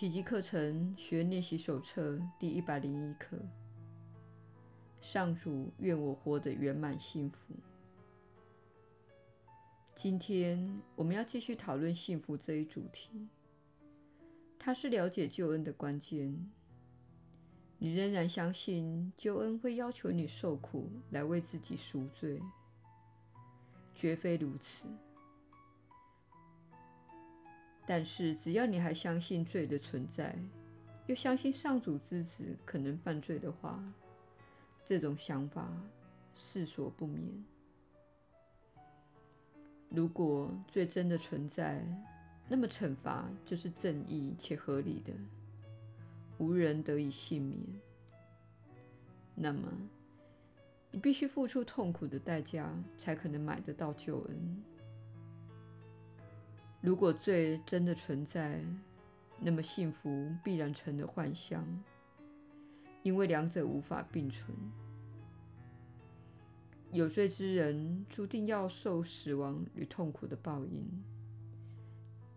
奇蹟課程學練習手冊第一百零一課。上主，願我活得圓滿幸福。今天我們要繼續討論幸福這一主題，它是了解救恩的關鍵。你仍然相信救恩會要求你受苦來為自己贖罪？絕非如此。但是，只要你還相信罪的存在，又相信上主之子可能犯罪的話，這種想法勢所不免。如果罪真的存在，那麼懲罰就是正義且合理的，無人得以幸免。那麼，你必須付出痛苦的代價，才可能買得到救恩。如果罪真的存在，那麼幸福必然成了幻象，因為兩者無法並存。有罪之人注定要受死亡與痛苦的報應，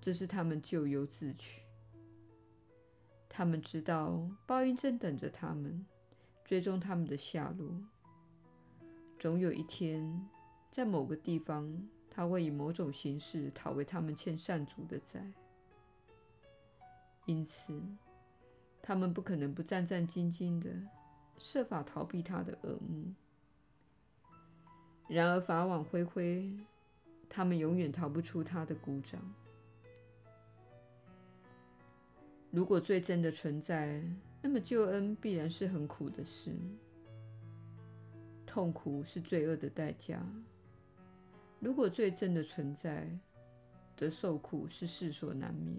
這是他們咎由自取。他們知道報應正等着他們，追蹤他們的下落，總有一天，在某個地方。他會以某種形式討回他們欠上主的債，因此，他們不可能不戰戰兢兢地設法逃避他的耳目。然而，法網恢恢，他們永遠逃不出他的股掌。如果罪真的存在，那麼救恩必然是很苦的事，痛苦是罪惡的代價。如果罪真的存在，則受苦是世所難免。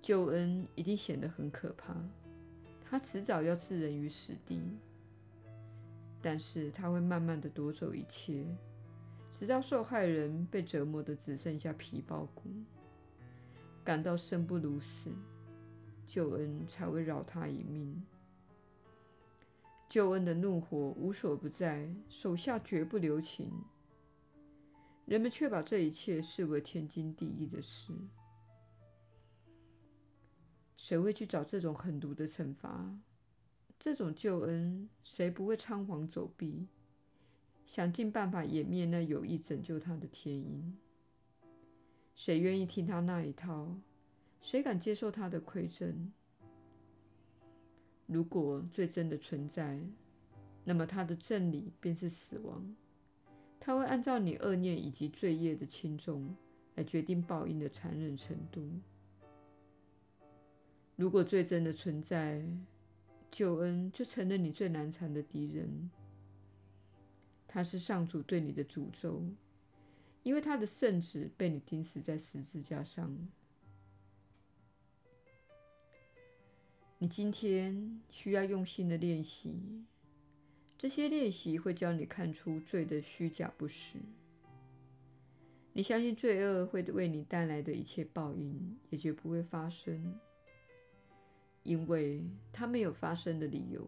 救恩一定顯得很可怕，他遲早要置人於死地，但是他會慢慢的奪走一切，直到受害人被折磨的只剩下皮包骨，感到生不如死，救恩才會饒他一命。救恩的怒火無所不在，手下絕不留情。人們卻把這一切視為天經地義的事。誰會去找這種狠毒的懲罰？這種救恩，誰不會倉皇走避，想盡辦法掩滅那有意拯救他的天音？誰願意聽他那一套？誰敢接受他的饋贈？如果罪真的存在，那麼他的真理便是死亡。他會按照你惡念以及罪業的輕重來決定報應的殘忍程度。如果罪真的存在，救恩就成了你最難纏的敵人。他是上主對你的詛咒，因為他的聖子被你釘死在十字架上。你今天需要用心的練習，這些練習會教你看出罪的虛假不實。你相信罪惡會為你帶來的一切報應，也絕不會發生，因為它沒有發生的理由。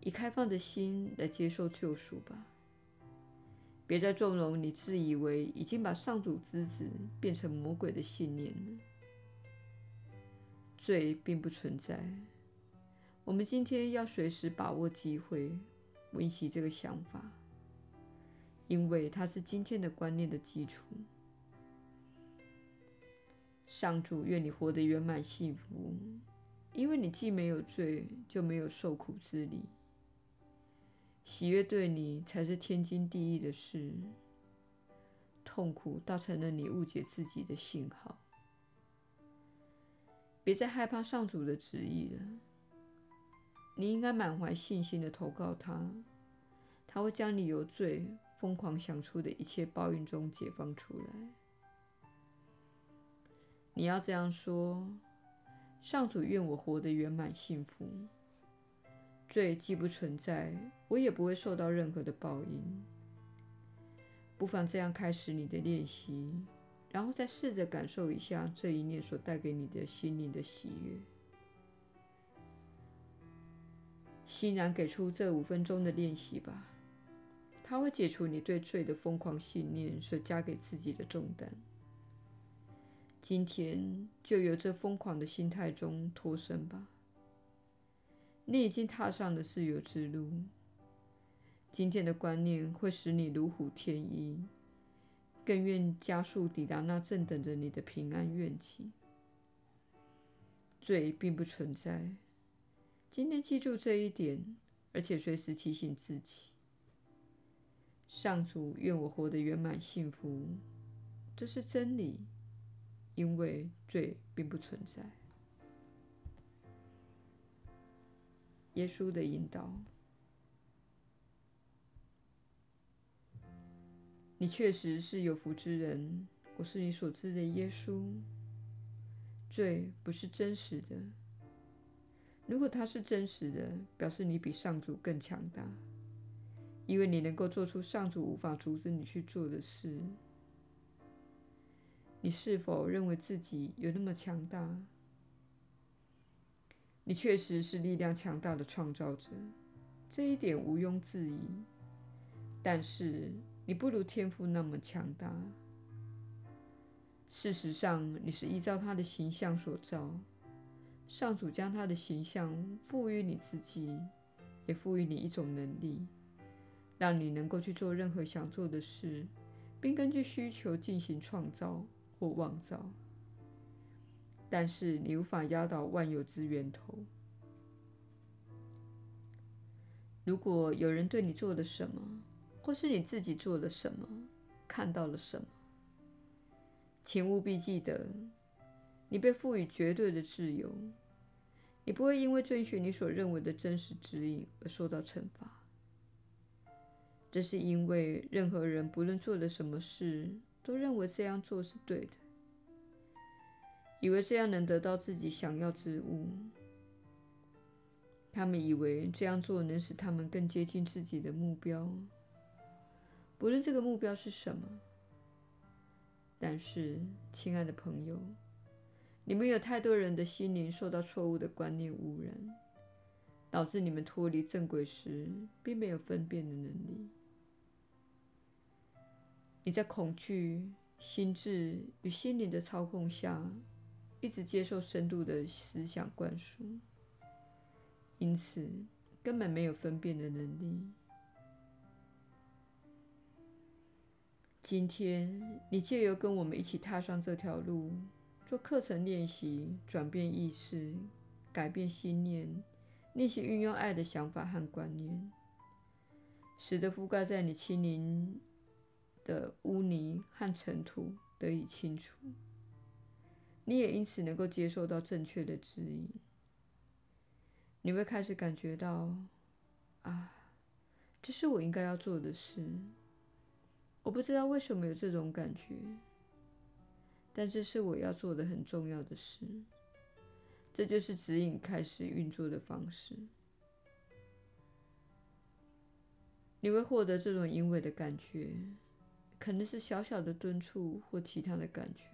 以開放的心來接受救贖吧，別再縱容你自以為已經把上主之子變成魔鬼的信念了。罪並不存在。我們今天要隨時把握機會，溫習這個想法，因為它是今天的觀念的基礎。上主，願你活得圓滿幸福，因為你既沒有罪，就沒有受苦之理。喜悅對你才是天經地義的事，痛苦倒成了你誤解自己的信號。別再害怕上主的旨意了。你應該滿懷信心地投靠他，他會將你由罪瘋狂想出的一切報應中解放出來。你要這樣說：上主願我活得圓滿幸福，罪既不存在，我也不會受到任何的報應。不妨這樣開始你的練習。然後再試着感受一下這一念所帶給你的心靈的喜悅。欣然給出這五分鐘的練習吧，它會解除你對罪的瘋狂信念所加給自己的重擔。今天就由這瘋狂的心態中脫身吧。你已經踏上了自由之路。今天的觀念會使你如虎添翼。更願加速抵達那正等着你的平安願景。罪並不存在。今天記住這一點，而且隨時提醒自己：上主願我活得圓滿幸福，這是真理，因為罪並不存在。耶穌的引導。你確實是有福之人。我是你所知的耶穌。罪不是真實的。如果它是真實的，表示你比上主更強大，因為你能夠做出上主無法阻止你去做的事。你是否認為自己有那麼強大？你確實是力量強大的創造者，這一點毋庸置疑。但是，你不如天父那麼強大。事實上，你是依照他的形象所造。上主將他的形象賦予你自己，也賦予你一種能力，讓你能夠去做任何想做的事，並根據需求進行創造或妄造。但是，你無法壓倒萬有之源頭。如果有人對你做了什麼，或是你自己做了什麼，看到了什麼，請務必記得，你被賦予絕對的自由，你不會因為遵循你所認為的真實指引而受到懲罰。這是因為任何人不論做了什麼事，都認為這樣做是對的，以為這樣能得到自己想要之物，他們以為這樣做能使他們更接近自己的目標。不論這個目標是什麼，但是，親愛的朋友，你們有太多人的心靈受到錯誤的觀念污染，導致你們脫離正軌時，並沒有分辨的能力。你在恐懼、心智與心靈的操控下，一直接受深度的思想灌輸，因此根本沒有分辨的能力。今天，你借由跟我們一起踏上這條路，做課程練習，轉變意識，改變信念，那些運用愛的想法和觀念，使得覆蓋在你心靈的污泥和塵土得以清除。你也因此能夠接受到正確的指引。你會開始感覺到，啊，這是我應該要做的事。我不知道為什麼有這種感覺，但這是我要做的很重要的事。這就是指引開始運作的方式。你會獲得這種隱微的感覺，可能是小小的敦促或其他的感覺，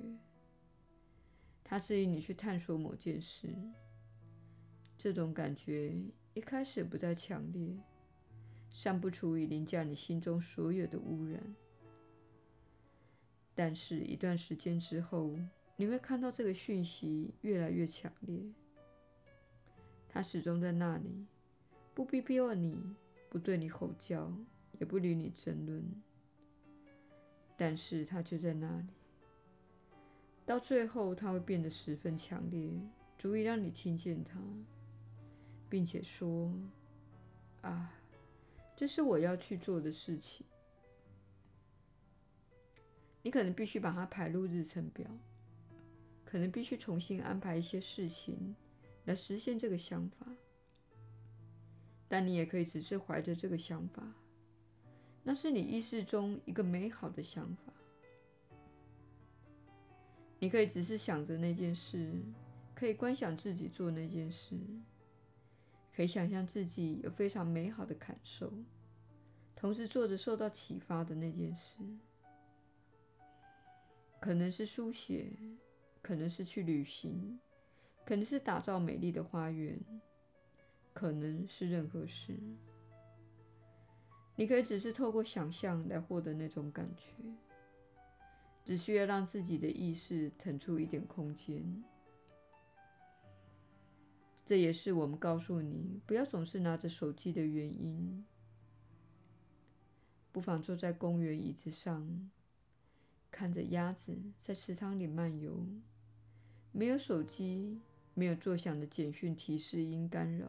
它指引你去探索某件事。這種感覺一開始不太強烈，尚不足以凌駕你心中所有的污染。但是，一段時間之後，你會看到這個訊息越來越強烈。它始終在那裡，不逼逼問你，不對你吼叫，也不與你爭論。但是，它就在那裡。到最後，它會變得十分強烈，足以讓你聽見它，並且說：“啊，這是我要去做的事情。”你可能必須把它排入日程表，可能必須重新安排一些事情來實現這個想法。但你也可以只是懷着這個想法，那是你意識中一個美好的想法。你可以只是想着那件事，可以觀想自己做那件事，可以想象自己有非常美好的感受，同時做着受到啟發的那件事。可能是書寫，可能是去旅行，可能是打造美麗的花園，可能是任何事。你可以只是透過想象來獲得那種感覺，只需要讓自己的意識騰出一點空間。這也是我們告訴你，不要總是拿着手機的原因。不妨坐在公園椅子上。看着鴨子在池塘裡漫游，沒有手機，沒有作響的簡訊提示音干擾，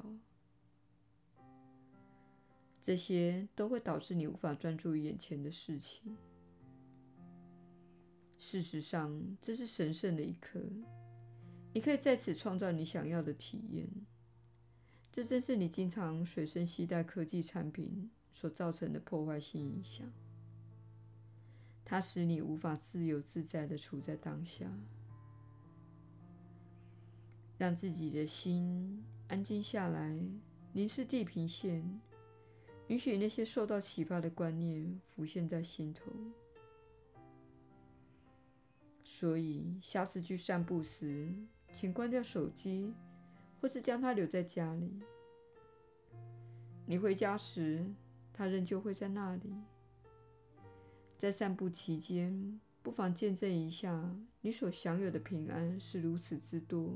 這些都會導致你無法專注於眼前的事情。事實上，這是神聖的一刻，你可以在此創造你想要的體驗。這正是你經常隨身攜帶科技產品所造成的破壞性影響。它使你無法自由自在的處在當下，讓自己的心安靜下來，凝視地平線，允許那些受到啟發的觀念浮現在心頭。所以下次去散步時，請關掉手機，或是將它留在家裡。你回家時，它仍舊會在那裡。在散步期間，不妨見證一下你所享有的平安是如此之多。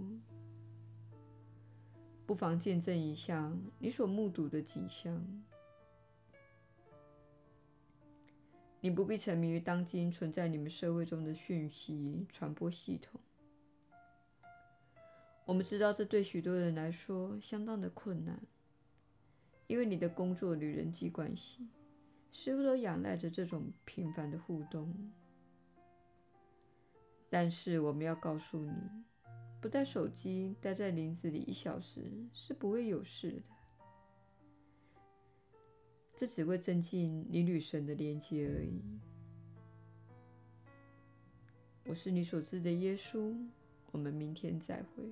不妨見證一下你所目睹的景象。你不必沉迷於當今存在你們社會中的訊息傳播系統。我們知道這對許多人來說相當的困難，因為你的工作與人際關係。似乎都仰賴着這種平凡的互動，但是我們要告訴你，不帶手機待在林子裡一小時是不會有事的，這只會增進你與神的連接而已。我是你所知的耶穌，我們明天再會。